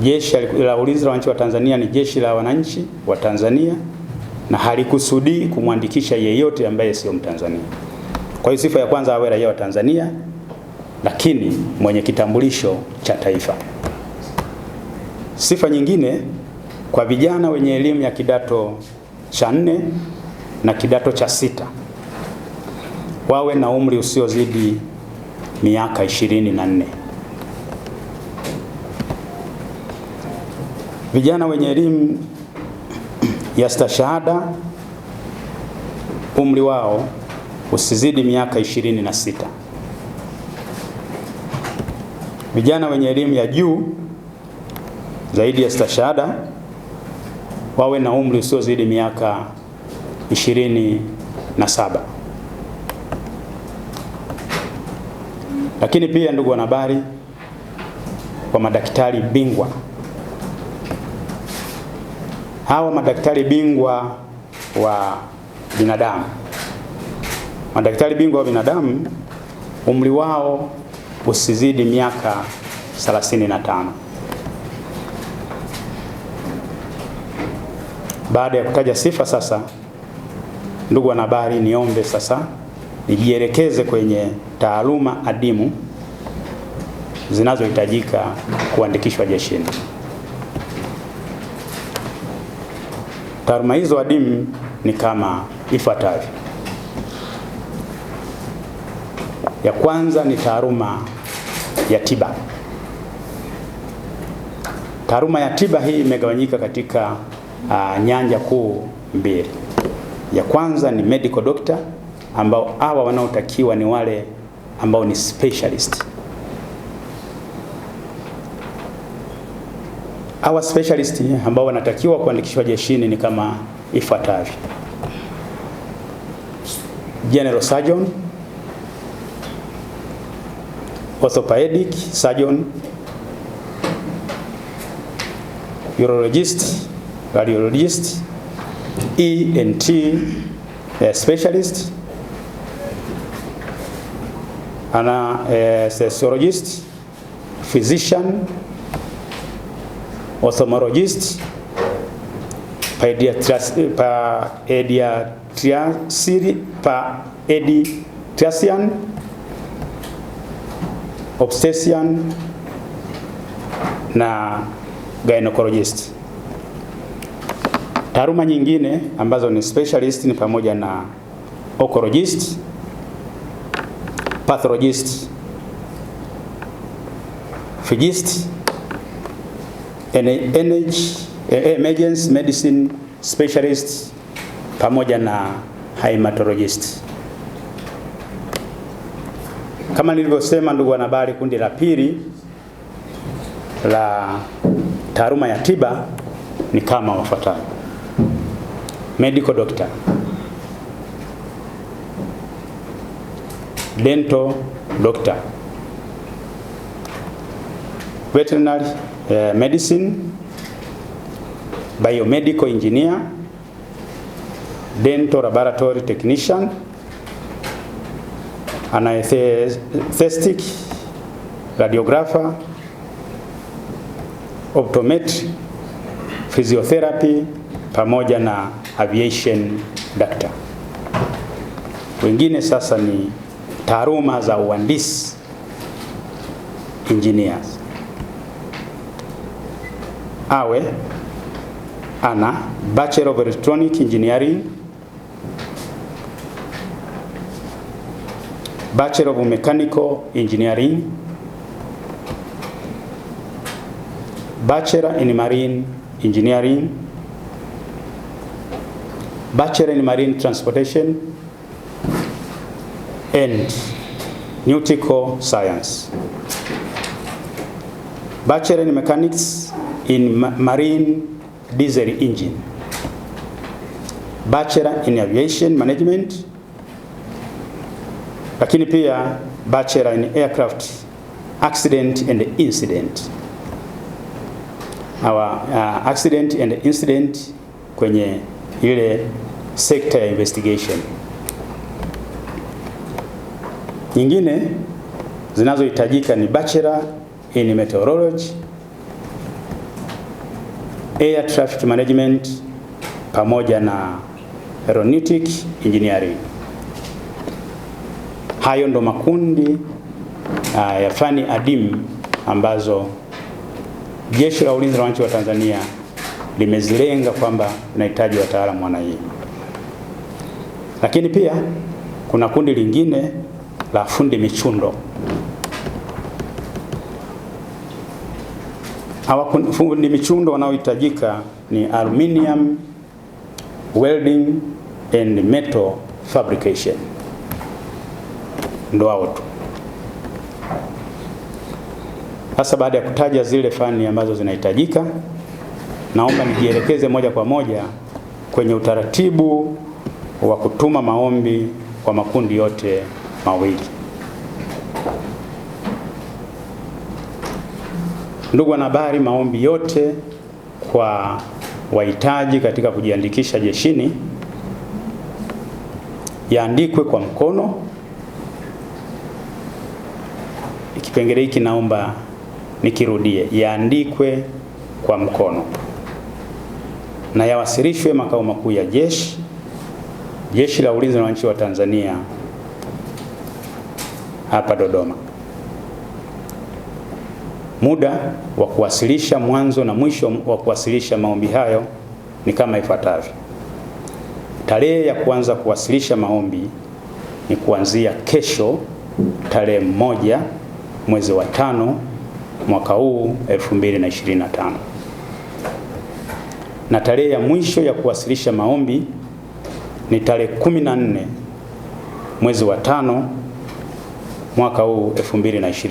Jeshi la Ulinzi la Wananchi wa Tanzania ni jeshi la wananchi wa Tanzania na halikusudii kumwandikisha yeyote ambaye sio Mtanzania. Kwa hiyo sifa ya kwanza awe raia wa Tanzania, lakini mwenye kitambulisho cha taifa. Sifa nyingine kwa vijana wenye elimu ya kidato cha nne na kidato cha sita wawe na umri usiozidi miaka ishirini na nne. Vijana wenye elimu ya stashahada umri wao usizidi miaka ishirini na sita. Vijana wenye elimu ya juu zaidi ya stashahada wawe na umri usiozidi miaka ishirini na saba. Lakini pia ndugu wanahabari, kwa madaktari bingwa hawa madaktari bingwa wa binadamu, madaktari bingwa wa binadamu umri wao usizidi miaka 35 baada ya kutaja sifa sasa, ndugu wanahabari, niombe sasa nijielekeze kwenye taaluma adimu zinazohitajika kuandikishwa jeshini. Taaluma hizo adimu ni kama ifuatavyo. Ya kwanza ni taaluma ya tiba. Taaluma ya tiba hii imegawanyika katika uh, nyanja kuu mbili. Ya kwanza ni medical doctor ambao hawa wanaotakiwa ni wale ambao ni specialist Hawa specialist eh, ambao wanatakiwa kuandikishwa jeshini ni kama ifuatavyo: General Surgeon, Orthopedic Surgeon, Urologist, Radiologist, ENT eh, specialist, anesthesiologist, eh, physician ophthalmologist, pediatrician, obstetrician na gynecologist. Taaluma nyingine ambazo ni specialist ni pamoja na oncologist, pathologist, physicist energy, eh, emergency medicine specialist pamoja na hematologist. Kama nilivyosema, ndugu wanahabari, kundi la pili la taaluma ya tiba ni kama wafuatavyo: medical doctor, dental doctor, veterinary Eh, medicine, biomedical engineer, dental laboratory technician, anesthetic radiographer, optometry, physiotherapy pamoja na aviation doctor. Wengine sasa ni taaluma za uhandisi engineers awe ana Bachelor of Electronic Engineering, Bachelor of Mechanical Engineering, Bachelor in Marine Engineering, Bachelor in Marine Transportation and Nautical Science, Bachelor in Mechanics in marine diesel engine, bachelor in aviation management, lakini pia bachelor in aircraft accident and incident. Our uh, accident and incident kwenye ile sector investigation. Nyingine zinazohitajika ni bachelor in meteorology air traffic management pamoja na aeronautic engineering. Hayo ndo makundi uh, ya fani adimu ambazo Jeshi la Ulinzi la Wananchi wa Tanzania limezilenga kwamba tunahitaji wataalamu wana hii. Lakini pia kuna kundi lingine la fundi michundo. ni michundo wanaohitajika ni aluminium welding and metal fabrication, ndo hao tu. Sasa baada ya kutaja zile fani ambazo zinahitajika, naomba nijielekeze moja kwa moja kwenye utaratibu wa kutuma maombi kwa makundi yote mawili. Ndugu wanahabari, maombi yote kwa wahitaji katika kujiandikisha jeshini yaandikwe kwa mkono. Kipengele hiki naomba nikirudie, yaandikwe kwa mkono na yawasilishwe makao makuu ya jeshi, Jeshi la Ulinzi na Wananchi wa Tanzania hapa Dodoma. Muda wa kuwasilisha mwanzo na mwisho wa kuwasilisha maombi hayo ni kama ifuatavyo. Tarehe ya kuanza kuwasilisha maombi ni kuanzia kesho tarehe moja mwezi wa tano mwaka huu 2025, na tarehe ya mwisho ya kuwasilisha maombi ni tarehe 14 mwezi wa tano mwaka huu 2025.